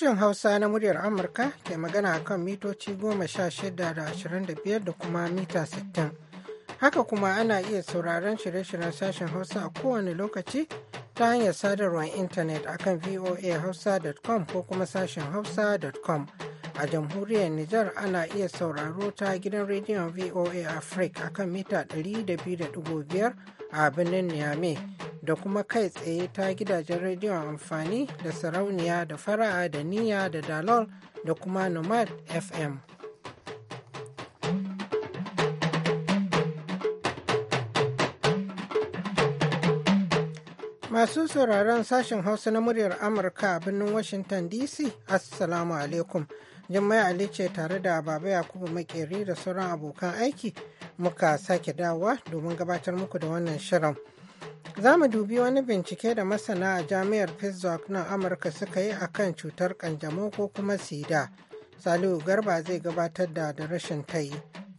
Sashen Hausa na muryar Amurka ke magana kan mitoci goma sha shida da ashirin da biyar da kuma mita sittin. Haka kuma ana iya sauraron shirye-shiryen sashen Hausa a kowane lokaci ta hanyar sadarwar intanet a kan voahausa.com ko kuma sashen hausa.com. A jamhuriyar Nijar ana iya sauraro ta gidan rediyon VOA Africa a kan mita 200.5 a birnin Niamey da kuma kai tsaye ta gidajen rediyon amfani da sarauniya da fara'a da niyya da dalol da kuma nomad fm Masu sauraron sashen Hausa na muryar Amurka a birnin Washington DC, Assalamu alaikum. Jummai Ali ce tare da Baba Yakubu Makeri da sauran abokan aiki muka sake dawowa domin gabatar muku da wannan shirin. Za mu dubi wani bincike da masana a jami'ar Pittsburgh na Amurka suka yi akan cutar kanjamau ko kuma sida. Salihu Garba zai gabatar da da rashin tayi.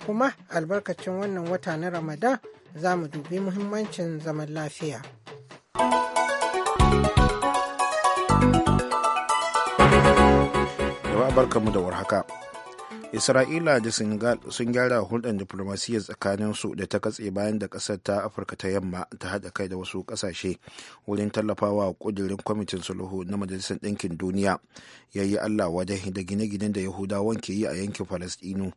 Kuma albarkacin wannan wata na Ramadan za mu dubi muhimmancin zaman lafiya. da warhaka. Isra'ila da Senegal sun gyara hulɗar diflomasiyya tsakanin su da ta katse bayan da ƙasar ta Afirka ta yamma ta haɗa kai da wasu ƙasashe wurin tallafawa ƙudurin kwamitin sulhu na Majalisar Ɗinkin Duniya ya yi Allah wajen da gine-ginen da Yahudawan ke yi a yankin Falastinu.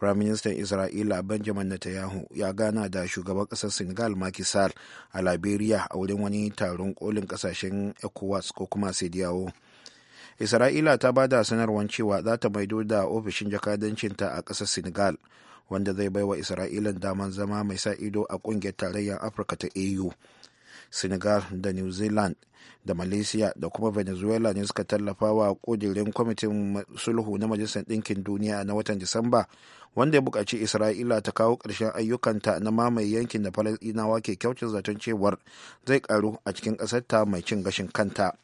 Firaministan Isra'ila Benjamin Netanyahu ya gana da shugaban ƙasar Senegal Macky Sall a Liberia a wurin wani taron ƙolin ƙasashen ECOWAS ko kuma Sediyawo. isra'ila ta ba da sanarwar cewa za ta maido da ofishin jakadancinta a ƙasar senegal wanda zai baiwa isra'ila daman zama mai sa ido a ƙungiyar tarayyar afirka ta au senegal da new zealand da malaysia da kuma venezuela ne suka tallafa wa kudirin kwamitin sulhu na majalisar ɗinkin duniya na watan disamba wanda ya buƙaci isra'ila ta kawo ƙarshen ayyukanta na mamaye yankin da falasɗinawa ke kyautar zaton cewar zai ƙaru a cikin ƙasarta mai cin gashin kanta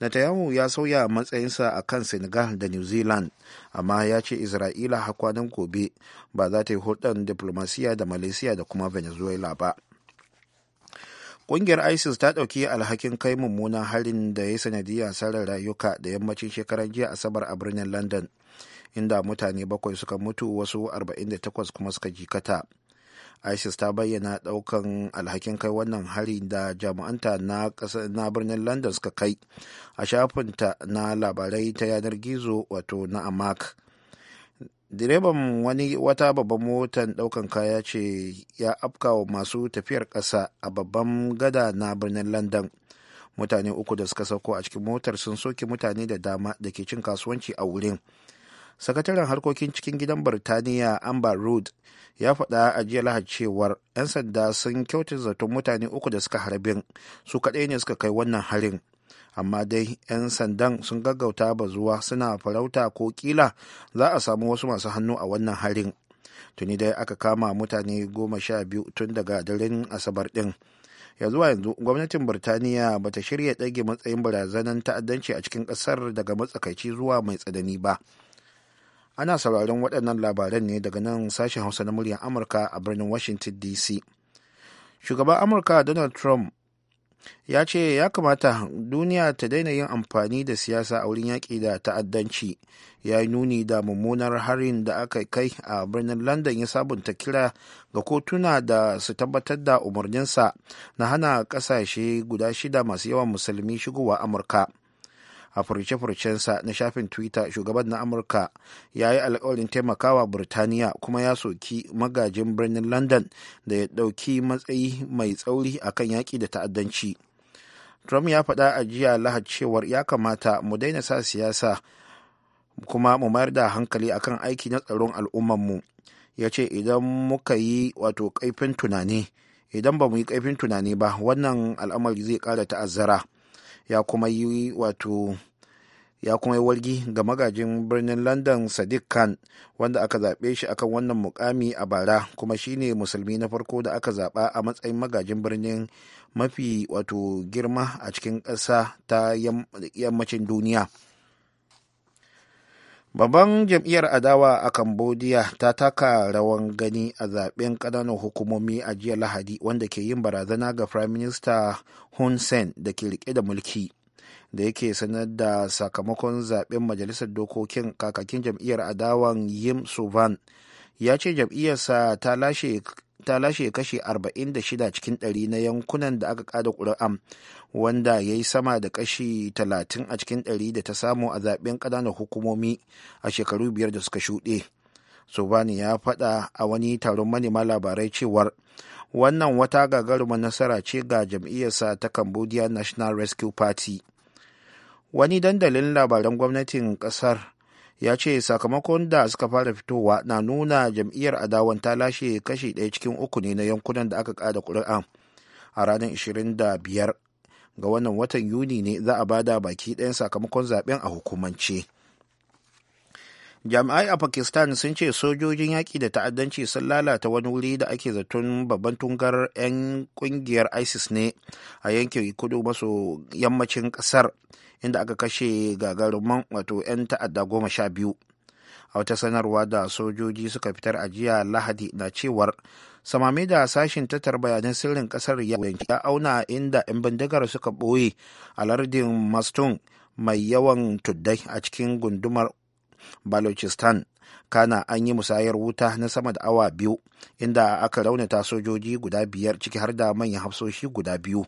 Netanyahu ya sauya matsayinsa a kan Senegal da New Zealand, amma ya ce Isra'ila har kwanan gobe ba za ta yi hulɗar diplomasiya da Malaysia da kuma Venezuela ba. Ƙungiyar ISIS ta ɗauki alhakin kai mummunan harin da ya sanadiyar sarar rayuka da yammacin shekaran jiya Asabar a birnin London, inda mutane bakwai suka mutu wasu 48 kuma suka jikata. isis ta bayyana daukan alhakin kai wannan hari da jami'anta na birnin london suka kai a shafin ta na labarai ta yanar gizo wato na amak direban wani wata babban motan daukan kaya ce ya afkawa masu tafiyar kasa a babban gada na birnin london mutane uku da suka sauko a cikin motar sun soke mutane da dama da ke cin kasuwanci a wurin sakataren harkokin cikin gidan birtaniya amber rood ya faɗa a jiya lahar cewar 'yan sanda sun kyautar zaton mutane uku da suka harbin su kaɗai ne suka kai wannan harin amma dai 'yan sandan sun gaggauta bazuwa suna farauta ko kila za a samu wasu masu hannu a wannan harin tuni dai aka kama mutane goma sha biyu tun daga daren asabar din ya zuwa yanzu gwamnatin birtaniya ba ta shirya ɗage matsayin barazanan ta'addanci a cikin ƙasar daga matsakaici zuwa mai tsanani ba ana sauraron waɗannan labaran ne daga nan sashen hausa na muryar amurka a birnin washington dc shugaban amurka donald trump ya ce ya kamata duniya ta daina yin amfani da siyasa a wurin yaƙi da ta'addanci ya yi nuni da mummunar harin da aka kai a birnin london ya sabunta kira ga kotuna da su tabbatar da umarninsa na hana ƙasashe guda shida masu yawan musulmi shigowa amurka a furce-furcensa na shafin twitter shugaban na amurka ya yi alkawarin taimakawa burtaniya kuma ya soki magajin birnin london da ya ɗauki matsayi mai tsauri a kan yaƙi da ta'addanci trump ya faɗa a jiya lahad cewar ya kamata mu daina sa siyasa kuma mu mayar da hankali akan aiki na tsaron al'ummanmu ya ce idan muka yi wato kaifin tunani idan ba mu yi kaifin tunani ba wannan al'amari zai ƙara ta'azzara ya kuma yi wato ya kuma yi wargi ga magajin birnin london sadiq khan wanda aka zaɓe shi akan wannan mukami a bara kuma shine musulmi na farko da aka zaɓa a matsayin magajin birnin mafi wato girma a cikin ƙasa ta yammacin duniya. Babban jam'iyyar adawa a Cambodia ta taka rawan gani a zaben ƙananan hukumomi a jiya Lahadi wanda ke yin barazana ga Prime Minister Hun Sen da ke rike da mulki. da yake sanar da sakamakon zaben majalisar dokokin kakakin jam'iyyar adawan yim suvan ya ce jam'iyyarsa ta lashe ta lashe kashi 46 cikin 100 na yankunan da aka kada ƙuri'an wanda ya yi sama da kashi 30 a cikin 100 da ta samu a zaben ƙananan hukumomi a shekaru biyar da suka shuɗe. Sobani ya faɗa a wani taron manema labarai cewar wannan wata gagarumar nasara ce ga jam'iyyarsa ta Cambodia National Rescue Party. Wani dandalin labaran gwamnatin ƙasar ya ce sakamakon da suka fara fitowa na nuna jam'iyyar adawan ta lashe kashi ɗaya cikin uku ne na yankunan da aka kada ƙuri'a a ranar 25 ga wannan watan yuni ne za a bada baki ɗayan sakamakon zaben a hukumance jami'ai a pakistan sun ce sojojin yaƙi da ta'addanci sun lalata wani wuri da ake zaton babban tungar 'yan ƙungiyar isis ne a yankin kudu maso yammacin ƙasar inda aka kashe gagarumin wato 'yan ta'adda goma sha biyu a wata sanarwa da sojoji suka fitar a jiya lahadi na cewar samami da sashin tattara bayanan sirrin kasar ya auna inda 'yan bindigar suka ɓoye a lardin maston mai yawan tuddai a cikin gundumar balochistan kana an yi musayar wuta na sama da awa biyu inda aka raunata sojoji guda biyar ciki har da manyan hafsoshi guda biyu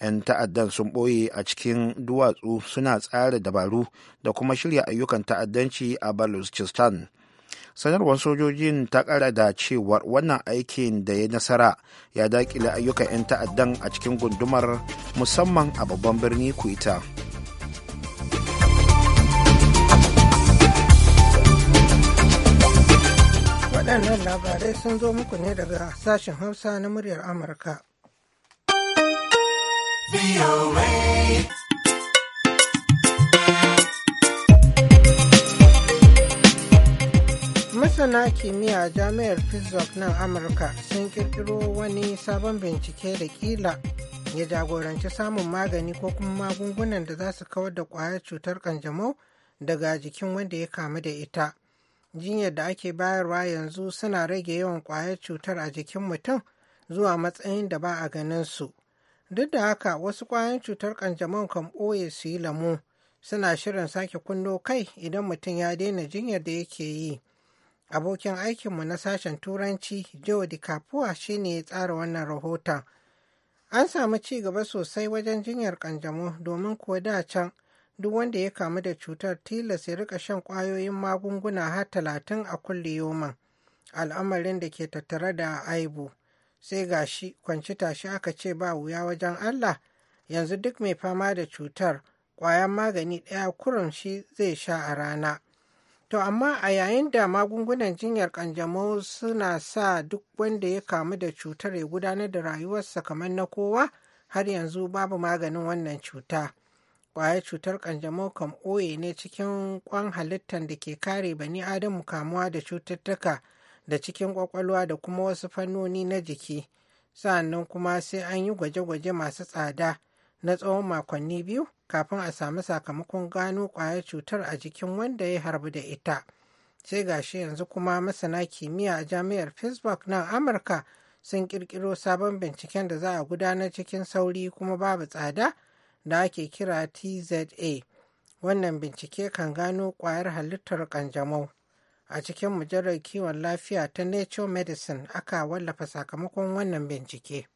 'yan ta'addan sun ɓoye a cikin duwatsu suna tsara dabaru da kuma shirya ayyukan ta'addanci a balochistan sanarwar sojojin ta kara da cewar wannan aikin da ya nasara ya dakile ayyukan 'yan ta'addan a cikin gundumar musamman a babban birni kuita waɗannan labarai sun zo muku ne daga sashen hausa na muryar amurka masana kimiyya jami'ar pittsburgh nan amurka sun kirkiro wani sabon bincike da kila ya jagoranci samun magani ko kuma magungunan da za su kawar da kwayar cutar kanjamau daga jikin wanda ya kamu da ita jinyar da ake bayarwa yanzu suna rage yawan kwayar cutar a jikin mutum zuwa matsayin da ba a ganin su duk da haka wasu kwayan cutar kanjamau kan ɓoye su yi lamu suna shirin sake kunno kai idan mutum ya daina jinyar da yake yi Abokin aikinmu na sashen Turanci, Joe Kapua, shi ne ya tsara wannan rahoton. An samu ci gaba sosai wajen jinyar kanjamo domin kuwa da can duk wanda ya kamu da cutar tilas ya rika shan kwayoyin magunguna har talatin a kulle yoman. Al'amarin da ke tattare da aibu. Sai ga gashi kwanci tashi aka ce ba wuya wajen Allah yanzu duk mai fama da cutar kwayan magani ɗaya kurum shi zai sha a rana. To amma a yayin da magungunan jinyar kanjamau suna sa duk wanda ya kamu da cutar ya gudanar da rayuwarsa kamar na kowa har yanzu babu maganin wannan cuta. Kwayar cutar kanjamau kan oye ne cikin ƙwan halittar da ke kare bani adamu kamuwa da cututtuka da cikin ƙwaƙwalwa da kuma wasu fannoni na jiki. sannan kuma sai an yi gwaje-gwaje masu tsada na tsawon makonni biyu kafin a sami sakamakon gano kwayar cutar a jikin wanda ya harbu da ita sai gashi yanzu kuma masana kimiyya a jami'ar pittsburgh na amurka sun kirkiro sabon binciken da za a gudanar cikin sauri kuma babu tsada da ake kira tza wannan bincike kan gano kwayar halittar kanjamau a cikin mujallar kiwon lafiya ta nature medicine aka wallafa sakamakon wannan bincike.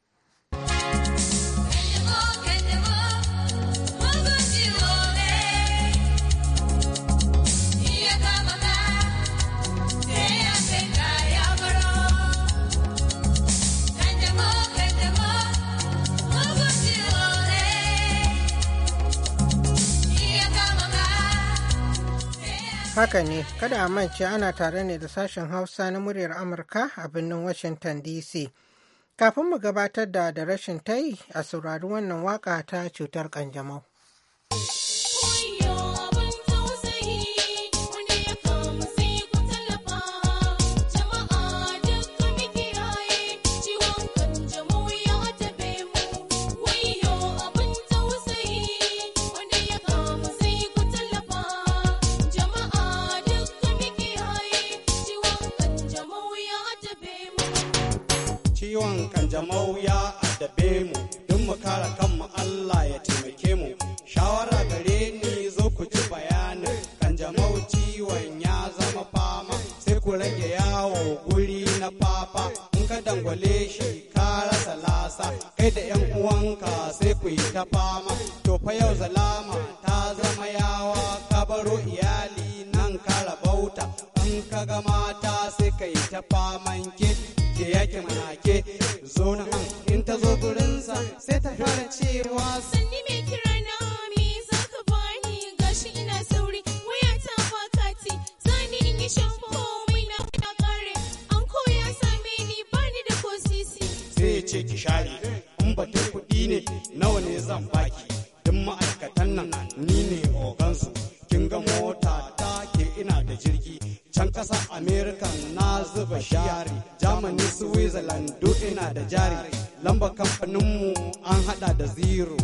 Haka ne, kada a mance ana tare ne da sashen Hausa na muryar Amurka a birnin Washington DC. Kafin mu gabatar da da rashin yi a saurari wannan waka ta cutar kanjamau. zaɓe mu don mu kare kanmu Allah ya taimake mu shawara gare ni zo ku ji bayanin kan jama'u ciwon ya zama fama sai ku rage yawo guri na fafa in ka dangwale shi ka rasa lasa kai da yan uwanka sai ku yi ta fama to fa yau zalama ta zama yawa ka baro iyali nan ka rabauta in ka ga mata sai ka yi ta faman cewa sanni mai kira na me zaka bani gashi ina sauri waya ta bakati zani in yi shampo mai na na kare an koya same ni bani da ko sisi sai ce ki share in batun kuɗi ne nawa ne zan baki kasa america na zuba shari germany switzerland duk ina da jari lamba kamfaninmu an hada da zero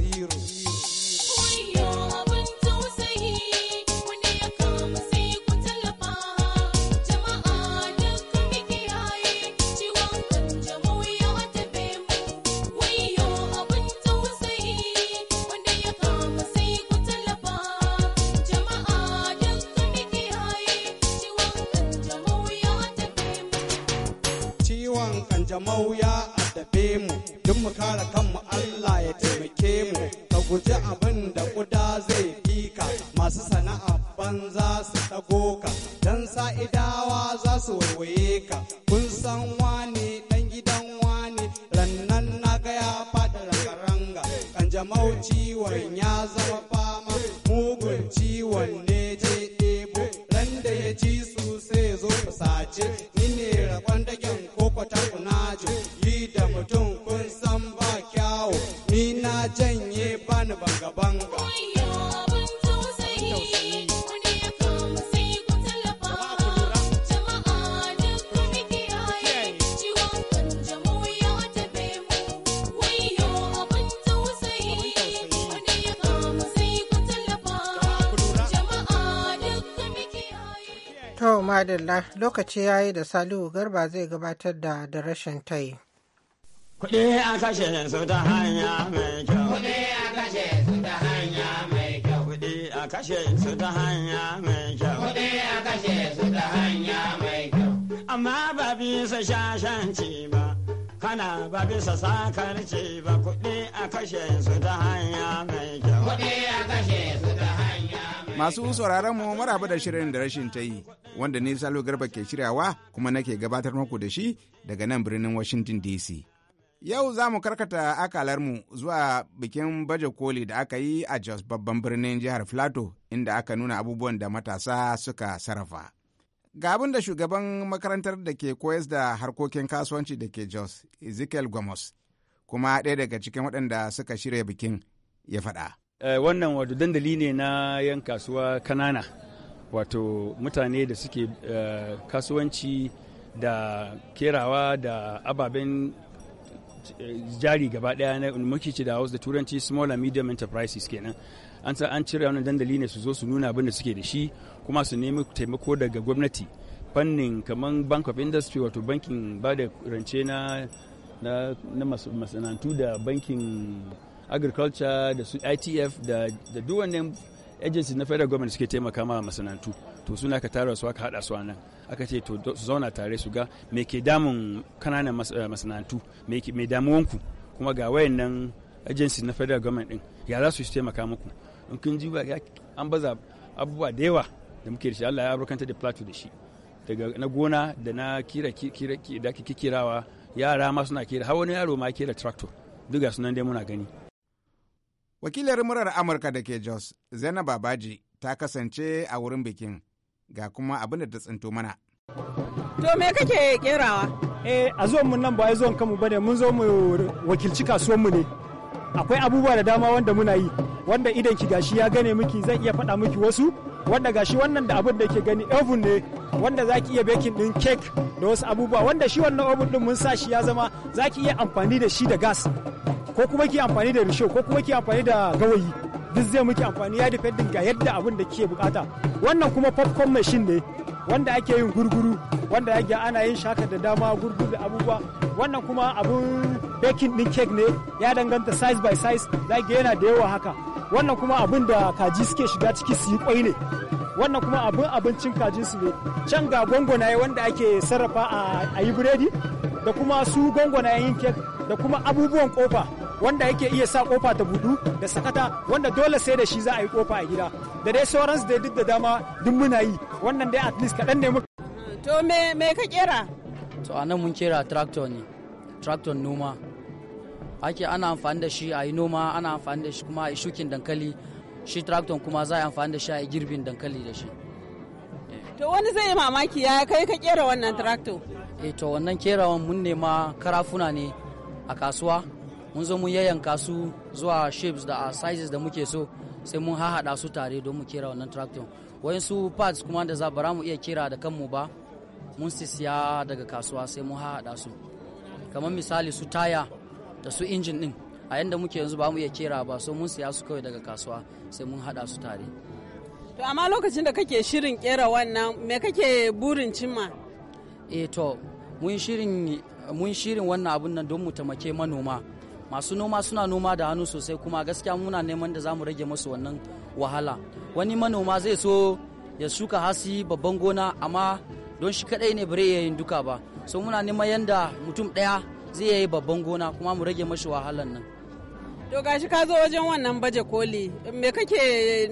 madalla lokaci ya yi da Salihu Garba zai gabatar da da rashin tai. Kuɗi a kashe su ta hanya mai kyau. Kuɗi a kashe su ta hanya mai kyau. Kuɗi a kashe su ta hanya mai kyau. Kuɗi a kashe su ta hanya mai kyau. Amma ba bisa shashanci ba. Kana ba bisa sakarci ba kuɗi a kashe su ta hanya mai kyau. Kuɗi a kashe su ta Masu sauraron mu maraba da shirin da rashin ta yi, wanda ne Salo Garba ke shiryawa kuma nake gabatar muku da shi daga nan birnin Washington DC. Yau za mu karkata mu zuwa bikin baje koli da aka yi a Jos babban birnin jihar Filato inda aka nuna abubuwan da matasa suka sarrafa. Ga abin da shugaban makarantar da ke koyas da harkokin kasuwanci da ke Jos, Ezekiel Gomos, kuma ɗaya daga cikin waɗanda suka shirya bikin ya faɗa. Eh, wannan wato dandali ne na yan kasuwa kanana wato mutane da suke eh, kasuwanci da kerawa da ababen eh, jari gaba daya na muke ce da da turanci small and medium enterprises kenan an sa an cire wannan dandali ne su zo su nuna abin da suke da shi kuma su nemi taimako daga gwamnati fannin kamar bank of industry wato bankin ba da rance na masana'antu da bankin agriculture da su itf da duk wannan agency na federal government suke taimaka ma masana'antu to suna ka tara su aka hada su a nan aka ce to su zauna tare su ga me ke damun kananan eh, masana'antu me damuwanku kuma ga wayan nan agency na federal government din ya za su taimaka muku in kun ji ba an baza abubuwa da yawa da muke da shi Allah ya abrukanta da plateau da shi daga na gona da na kira kira da kirawa yara ma suna kira har wani yaro ma kira tractor duk ga sunan dai muna gani Wakilar murar Amurka da ke Jos, Zainab Babaji, ta kasance a wurin bikin ga kuma abin da ta tsinto mana. To me kake kerawa? Eh, a zuwan mun nan ba zuwan kanmu bane mun zo mu wakilci kasuwan mu ne. Akwai abubuwa da dama wanda muna yi, wanda idan ki gashi ya gane miki zan iya faɗa miki wasu wanda gashi wannan da abin da ke gani oven ne wanda za ki iya baking din cake da wasu abubuwa wanda shi wannan oven din mun sa shi ya zama za ki iya amfani da shi da gas ko kuma ki amfani da risho ko kuma ki amfani da gawayi duk zai muke amfani ya depending ga yadda abin da kike bukata wannan kuma popcorn machine ne wanda ake yin gurguru wanda ake ana yin shaka da dama gurguru da abubuwa wannan kuma abun baking din cake ne ya danganta size by size zaki yana da yawa haka wannan kuma abin da kaji suke shiga ciki su yi kwai ne wannan kuma abin abincin kajin su ne can ga gwangwanaye wanda ake sarrafa a yi biredi da kuma su gwangwanayen kek da kuma abubuwan kofa wanda yake iya sa kofa ta budu da sakata wanda dole sai da shi za a yi kofa a gida da dai sauransu dai duk da dama duk muna yi wannan dai at least kaɗan ne muka. to me me ka kera to anan mun kera tractor ne tractor noma ake ana amfani da shi a yi noma ana amfani da shi kuma a yi shukin dankali shi tractor kuma za a yi amfani da shi a yi girbin dankali da shi to wani zai yi mamaki ya kai ka kera wannan tractor eh to wannan kerawan mun nema karafuna ne a kasuwa mun zo mun yayyanka su zuwa shapes da sizes da muke so sai mun hahada su tare don mu kera wannan tractor su parts kuma da za bara mu iya kera da kanmu ba mun siya daga kasuwa sai mun hahada su kamar misali su taya da su injin din a yanda muke yanzu ba mu iya kera ba so mun siya su kawai daga kasuwa sai mun hada su tare to amma lokacin da kake shirin kera wannan me kake burin cimma eh to mun shirin mun shirin wannan abun nan don mu tamake manoma masu noma suna noma da hannu sosai kuma gaskiya muna neman da zamu rage musu wannan wahala wani manoma zai so ya shuka hasi babban gona amma don shi kadai ne bare yayin duka ba so muna neman yanda mutum daya zai yi babban gona kuma mu rage mashi wahalan nan to gashi ka zo wajen wannan baje koli me kake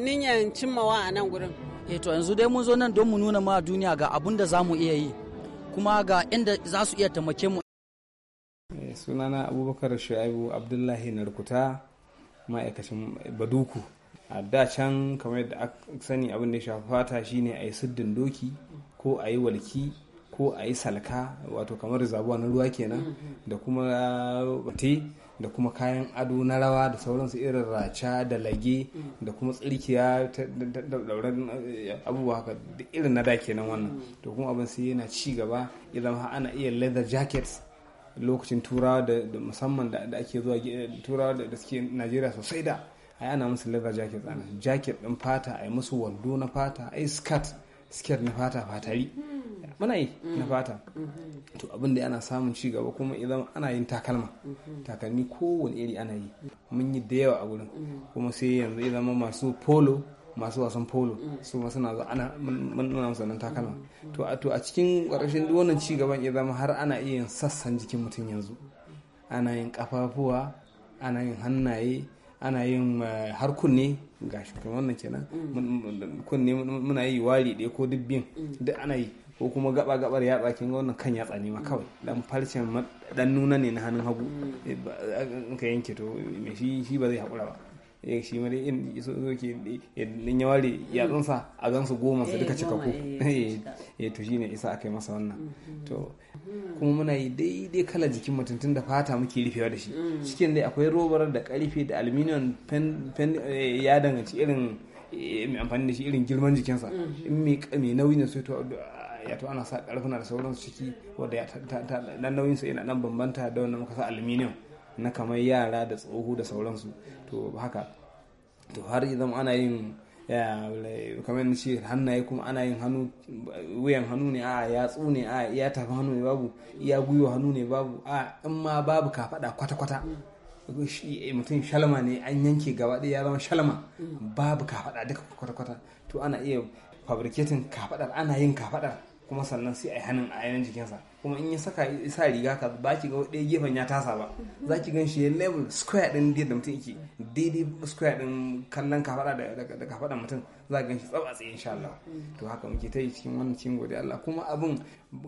niyan cimmawa a nan gurin eh to yanzu dai mun zo nan don mu nuna ma duniya ga abun da za mu iya yi kuma ga inda za su iya taimake mu eh, sunana abubakar shu'aibu abdullahi narkuta ma'aikacin baduku a da can kamar yadda aka sani abin da ya shafa fata shine a yi siddin doki ko a yi walki ko a yi salka wato kamar zabuwa na ruwa kenan mm-hmm. da kuma da kuma kayan ado na rawa da sauransu irin raca da lage mm. da kuma tsirkiya da dauran eh, abubuwa haka da irin na da kenan wannan mm. to kuma abin sai yana ci gaba idan har ana iya leather jackets lokacin turawa da musamman da ake zuwa eh, turawa da suke najeriya sosai da a ana musu leather jackets ana jacket din fata a yi musu wando na fata a yi skirt skirt na fata fatari mm. mana yi mm-hmm. na fata mm-hmm. to abin da ana samun ci gaba kuma idan ana yin takalma mm-hmm. takalmi kowane iri ana yi mun yi da yawa a gurin kuma sai yanzu idan masu polo masu wasan polo su ma suna ana musu nan takalma to a to a cikin ƙarshen duk wannan ci gaban ya zama har ana iya yin sassan jikin mutum yanzu ana yin kafafuwa ana yin hannaye ana yin eh, har kunne ga shi wannan kenan mm. kunne muna yi wari ɗaya ko dubbin mm. duk ana yi ko kuma gaba gabar yatsa kin ga wannan kan yatsa ne ma kawai dan farcen dan nuna ne na hannun hagu in ka yanke to me shi shi ba zai hakura ba eh shi ma in so ke eh, in ya ware yatsun sa a gansu goma su eh, duka cika ko eh, eh to ne isa akai masa wannan mm-hmm. to kuma muna yi daidai kala jikin mutum tun da fata muke rufewa da shi mm. cikin dai akwai robar da karfe da aluminium pen ya danganci irin mai amfani da shi irin girman jikinsa mm-hmm. in mai nauyi ne sai to ya to ana sa karfuna da sauransu ciki wanda ya nauyin su yana nan bambanta da wanda muka sa aluminium na kamar yara da tsohu da sauransu to haka to har zama ana yin kamar ce hannaye kuma ana yin hannu wuyan hannu ne a tsu ne a ya tafi hannu ne babu iya gwiwa hannu ne babu a in ma babu kafada kwata-kwata mutum shalma ne an yanke gaba ɗaya ya zama shalma babu kafada duka kwata-kwata to ana iya fabriketin kafadar ana yin kafadar kuma sannan sai a yi hannun a yanar jikinsa kuma in ya saka isa riga ka ba ki ga ɗaya gefen ya tasa ba za ki gan shi ya level square ɗin da mutum yake daidai square ɗin kallon kafaɗa da kafaɗa mutum za gan shi tsaba tsaye insha Allah to haka muke ta yi cikin wannan cikin gode Allah kuma abin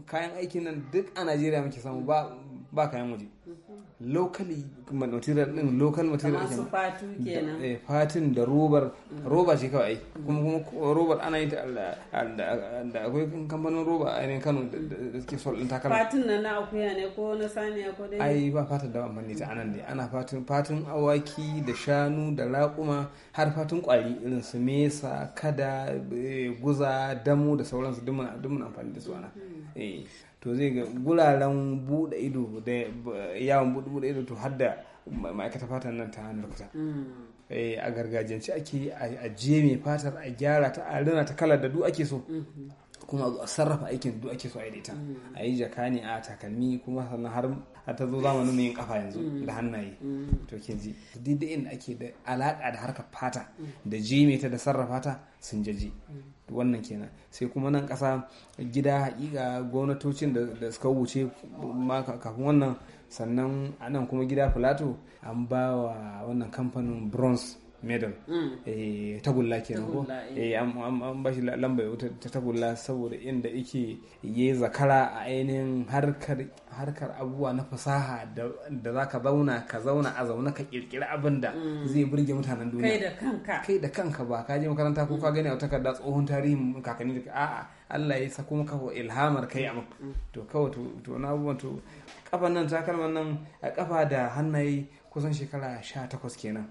kayan aikin nan duk a Najeriya muke samu ba ba kayan waje locally material din local material din fatu kenan eh fatin da robar roba ce kawai kuma kuma robar ana yi ta da akwai kamfanin roba a yanayin Kano da suke sol din takalma fatin na na akuya ne ko na saniya ko dai ai ba fatin da amfani ta anan ne ana fatin fatin awaki da shanu da raƙuma har fatin kwari irin su mesa kada eh, guza damu da sauransu duk mun amfani da su ana hmm. eh. to zai ga guraren buɗe ido da yawon buɗe ido to har ma'aikata fatan nan ta hannun kusa mm. eh, a gargajiyance ake a jeme fatar a gyara ta a ta kalar da duk ake so mm-hmm. kuma a sarrafa aikin duk ake so a ita mm. a yi jaka ne a takalmi kuma sannan har ta zo zamanin mai yin kafa yanzu mm. da hannaye to ke ji duk da ake da alaka da harkar fata da jeme ta da sarrafa ta sun jaji wannan kenan sai kuma nan ƙasa gida hakika gwamnatocin da suka wuce kafin wannan sannan anan kuma gida filato an ba wa wannan kamfanin bronze medal mm. eh, tagulla kenan ko eh. Eh, an bashi lamba ta tagulla saboda inda yake ya zakara a ainihin harkar abubuwa na fasaha da za ka zauna ka zauna a zaune ka kirkiri abin da mm. zai burge mutanen duniya kai da kanka ba ka je makaranta ko ka gani a takarda tsohon tarihin kakanni da a'a Allah ya sako maka ilhamar kai a mm. to kawai to na abubuwan to kafa nan takalman nan a kafa da hannaye kusan shekara sha takwas kenan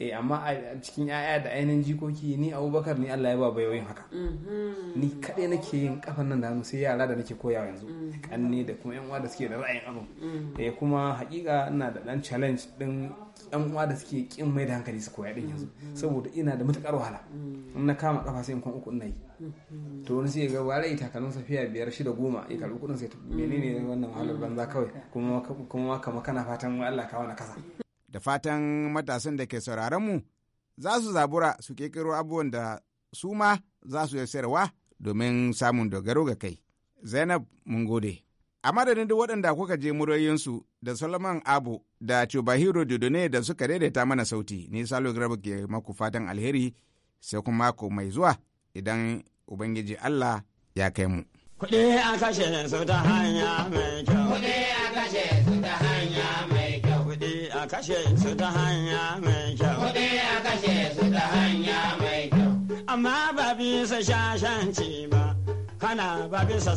eh amma a cikin yaya da ainihin jikoki ni abubakar ni allah ya ba bayoyin haka mhm. ni kaɗai nake yin kafan nan da sai yara da nake koya yanzu kanne mhm. da kuma yan uwa da suke da ra'ayin abin mhm. eh kuma hakika ina da dan challenge din yan uwa da suke kin mai da hankali su koya din yanzu mm-hmm. saboda ina da matukar wahala mm-hmm. in na kama kafa sai in kwan uku nayi mm-hmm. to wani sai ga ware takalmin safiya biyar shida goma ya karbi kudin sai menene wannan wahalar banza kawai kuma kuma kama kana fatan Allah ka wani kasa da fatan matasan da ke sauraron mu za su zabura su kekiro abubuwan da su ma za su yi sayarwa domin samun dogaro ga kai zainab mun gode A madadin da waɗanda kuka je murayensu da Solomon Abu da Chubahiro Dodone da suka daidaita mana sauti, ni Salo Garba ke maku fatan alheri sai kuma mako mai zuwa idan Ubangiji Allah ya kai mu. Kuɗi a kashe su ta hanya mai kyau. Kuɗi a kashe su ta hanya mai kyau. Kuɗi a kashe su ta hanya mai kyau. Kuɗi a kashe su ta hanya mai kyau. Amma ba bisa shashanci ba. kana ba bisa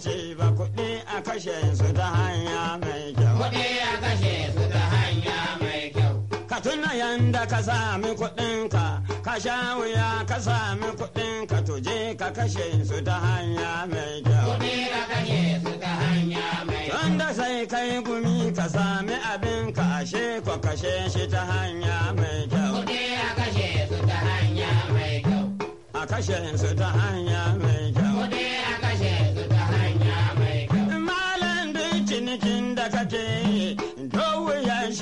ce ba kuɗi a kashe su ta hanya mai kyau. Kuɗi a kashe su ta hanya mai kyau. Ka tuna yanda ka sami kuɗinka, ka sha wuya ka sami kuɗinka tuje ka kashe su ta hanya mai kyau. Kuɗi a kashe su ta hanya mai kyau. Tunda sai kai gumi ka sami abin ka ashe ko kashe shi ta hanya mai kyau. Kuɗi a kashe su ta hanya mai kyau. A kashe su ta hanya mai kyau.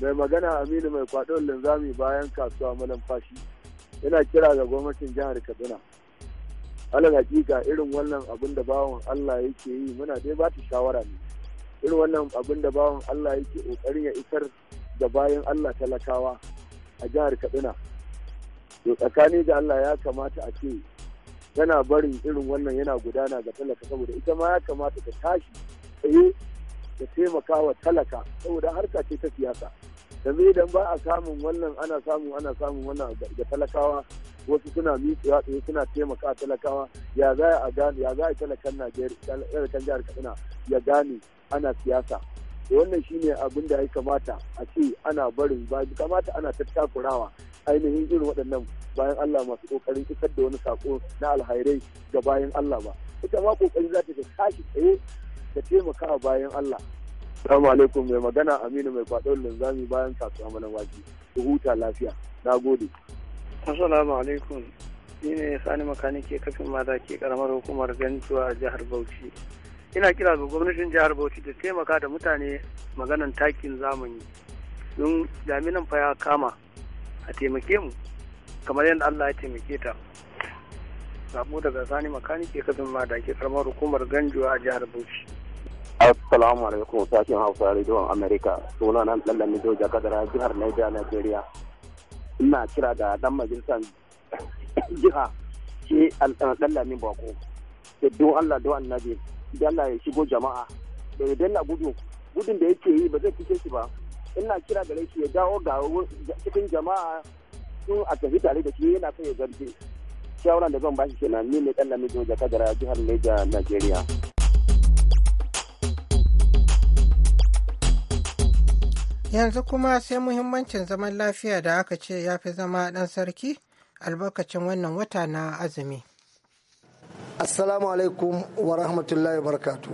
mai magana aminu mai kwadon linzami bayan kasuwa malamfashi yana kira ga gwamnatin jihar kaduna alal hakika irin wannan abin da bawan allah yake yi muna dai ba ta shawara ne irin wannan abin da bawan allah yake kokarin ya isar da bayan allah talakawa a jihar kaduna to tsakani da allah ya kamata a ce yana barin irin wannan yana gudana ga talaka saboda ita ma ya kamata ta tashi tsaye da taimakawa talaka saboda harka ce ta siyasa yanzu idan ba a samun wannan ana samun ana samun wannan ga talakawa wasu suna mitsuwa tsaye suna taimaka talakawa ya za a gane ya za a talakan Najeriya talakan jihar Katsina ya gane ana siyasa wannan shine abin da ya kamata a ce ana barin ba kamata ana tattakurawa ainihin irin waɗannan bayan Allah masu kokarin isar da wani sako na alhairai ga bayan Allah ba ita ma ƙoƙarin za ta tashi tsaye ka taimaka bayan Allah Assalamu alaikum mai magana Aminu mai kwaɗon linzami bayan kasuwa malam waje. Ku huta lafiya. Na gode. Assalamu alaikum. Ni ne Sani Makanike kafin mata ke karamar hukumar Gantuwa a jihar Bauchi. Ina kira ga gwamnatin jihar Bauchi da taimaka da mutane maganan takin zamani. Don jami'an fa ya kama a taimake mu kamar yadda Allah ya taimake ta. Sabo daga Sani Makanike kafin mata ke karamar hukumar Ganjuwa a jihar Bauchi. Assalamu alaikum sashen Hausa rediyon Amerika. Suna nan Lallami Joja Kadara jihar Niger Nigeria. Ina kira da dan majalisar jiha shi Lallami eh, Bako. Da don Allah don annabi da Allah ya shigo jama'a. Da ya danna gudu gudun da yake yi ba zai fice shi ba. Ina kira da shi ya dawo ga cikin jama'a sun a tafi tare da shi yana kai ya zarge. Shawaran da zan ba shi kenan ni ne Lallami Joja Kadara jihar Niger Nigeria. yanzu kuma sai muhimmancin zaman lafiya da aka ce ya fi zama ɗan sarki albarkacin wannan wata na azumi assalamu alaikum wa rahmatullahi barakatu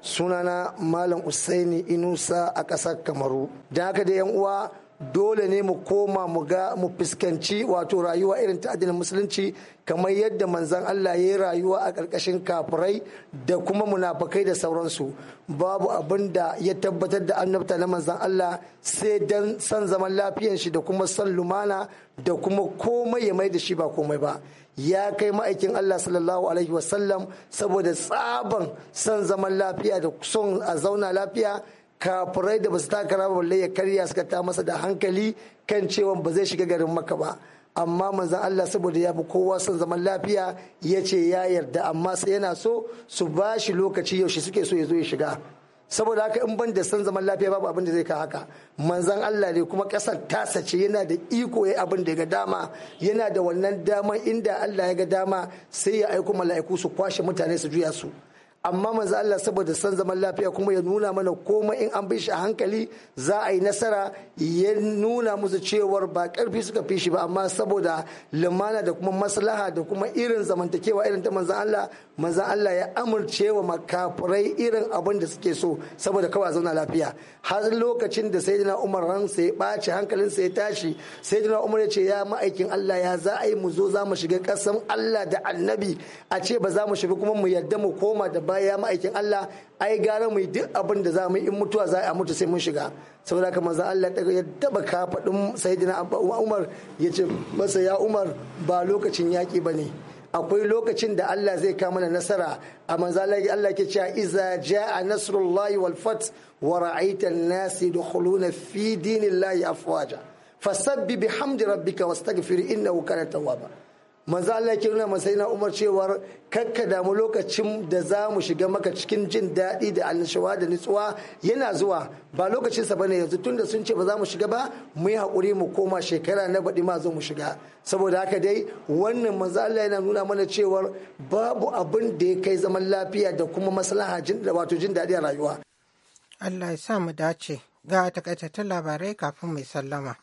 sunana malam usaini inusa a ƙasar kamaru da haka da yan uwa dole ne mu koma mu ga mu fuskanci wato rayuwa irin ta addinin musulunci kamar yadda manzan Allah ya yi rayuwa a ƙarƙashin kafirai da kuma munafakai da sauransu babu abin da ya tabbatar da annabta na manzan Allah sai dan san zaman lafiyan shi da kuma san lumana da kuma komai ya mai da shi ba komai ba ya kai ma'aikin Allah sallallahu alaihi wasallam saboda tsaban san zaman lafiya da son a zauna lafiya kafirai da basu taka rama balle ya karya suka ta masa da hankali kan cewa ba zai shiga garin maka ba amma manzan Allah saboda ya fi kowa son zaman lafiya ya ce ya yarda amma sai yana so su ba shi lokaci yaushe suke so ya zo ya shiga saboda haka in ban da son zaman lafiya babu abin da zai ka haka manzan Allah ne kuma kasar ta sace yana da iko ya abin da ya ga dama yana da wannan dama inda Allah ya ga dama sai ya aiko mala'iku su kwashe mutane su juya su amma manzo Allah saboda san zaman lafiya kuma ya nuna mana komai in an bi shi a hankali za a yi nasara ya nuna musu cewar ba karfi suka fi shi ba amma saboda lumana da kuma maslaha da kuma irin zamantakewa irin ta manzo Allah manzo Allah ya amurce wa makafurai irin abin da suke so saboda kawai a zauna lafiya har lokacin da sayyidina Umar sai ya ɓaci sa ya tashi sayyidina Umar ya ce ya ma'aikin Allah ya za a yi mu zo za mu shiga kasan Allah da annabi a ce ba za mu shiga kuma mu yadda mu koma da baya ma'aikin Allah ai gara mu duk abin da za mu yi in mutuwa za a mutu sai mun shiga saboda haka manzon Allah ya taba kafadin sayyidina Umar ya ce masa ya Umar ba lokacin yaki bane akwai lokacin da Allah zai kama mana nasara a manzo Allah ke cewa iza jaa nasrullahi wal fath wa ra'aita an-nas yadkhuluna fi dinillahi afwaja fasabbih bihamdi rabbika wastaghfir innahu kana tawwaba manzo Allah ke nuna masa na Umar cewar kakka damu lokacin da za mu shiga maka cikin jin daɗi da annashawa da nutsuwa yana zuwa ba lokacin sa bane yanzu tunda sun ce ba za mu shiga ba mu yi hakuri mu koma shekara na baɗi ma zo mu shiga saboda haka dai wannan manzo Allah yana nuna mana cewar babu abin da ya kai zaman lafiya da kuma maslaha jin da wato jin daɗi a rayuwa Allah ya sa mu dace ga takaitattun labarai kafin mai sallama.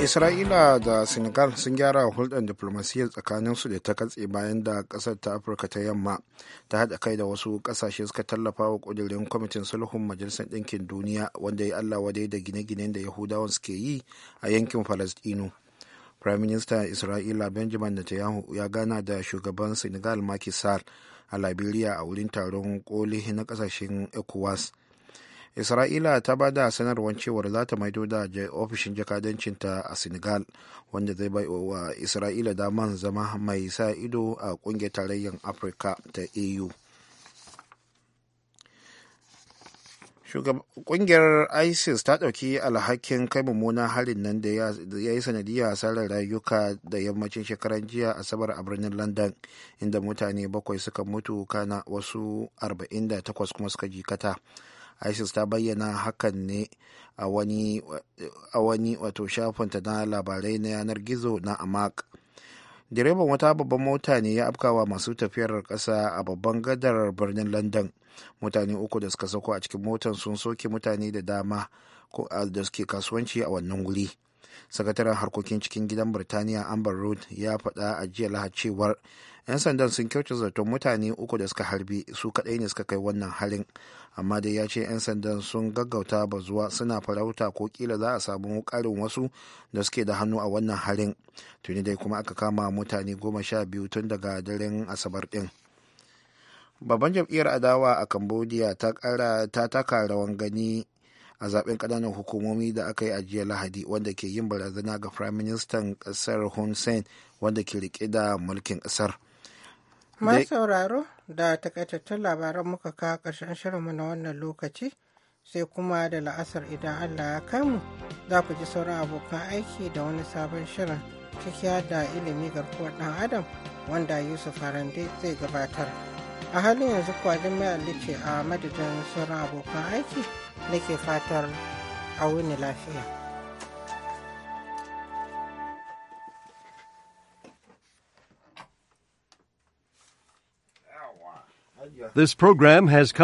isra'ila da senegal sun gyara hulɗar diplomasiyyar su da ta katse bayan da ƙasar ta afirka ta yamma ta haɗa kai da wasu ƙasashe suka tallafa wa ƙudurin kwamitin sulhun majalisar ɗinkin duniya wanda ya allah wadai da gine-ginen da yahudawan suke yi a yankin falastinu prime minister isra'ila benjamin netanyahu ya gana da shugaban senegal macky sall a liberia a wurin taron koli na ƙasashen ecowas isra'ila ta ba da sanarwar cewar za ta maido da ofishin jakadancinta a senegal wanda zai bai wa isra'ila daman zama mai sa ido a kungiyar tarayyar afirka ta au kungiyar isis ta ɗauki alhakin kai mummuna harin nan da ya yi sanadiyar hasarar rayuka da yammacin shekaran jiya asabar a birnin london inda mutane bakwai suka mutu kana wasu 48 kuma suka jikata isis ta bayyana hakan ne a wani wato shafinta na labarai na yanar gizo na amak direban wata babban mota ne ya afkawa masu tafiyar ƙasa a babban gadar birnin london mutane uku da suka sauko a cikin motan sun soke mutane da dama da suke kasuwanci a wannan wuri sakataren harkokin cikin gidan birtaniya amber road ya faɗa a jiya lahar cewar 'yan sandan sun kyauce zaton mutane uku da suka harbi su kaɗai ne suka kai wannan harin amma dai ya ce 'yan sandan sun gaggauta zuwa suna farauta ko kila za a samu ƙarin wasu da suke da hannu a wannan harin tuni dai kuma aka kama mutane goma sha biyu tun daga daren asabar ɗin babban jam'iyyar adawa a cambodia ta taka rawan gani a zaben ƙananan hukumomi da aka yi a jiya lahadi wanda ke yin barazana ga firayim ministan ƙasar hun sen wanda ke rike da mulkin ƙasar masauraro sauraro da takaitattun labaran muka kawo ƙarshen shirinmu na wannan lokaci sai kuma da la'asar idan allah ya kai mu za ku ji sauran abokan aiki da wani sabon shirin cikiya da ilimi garkuwar ɗan adam wanda yusuf harande zai gabatar a halin yanzu kwajin mai ce a madadin sauran abokan aiki nake fatar a wuni lafiya This program has come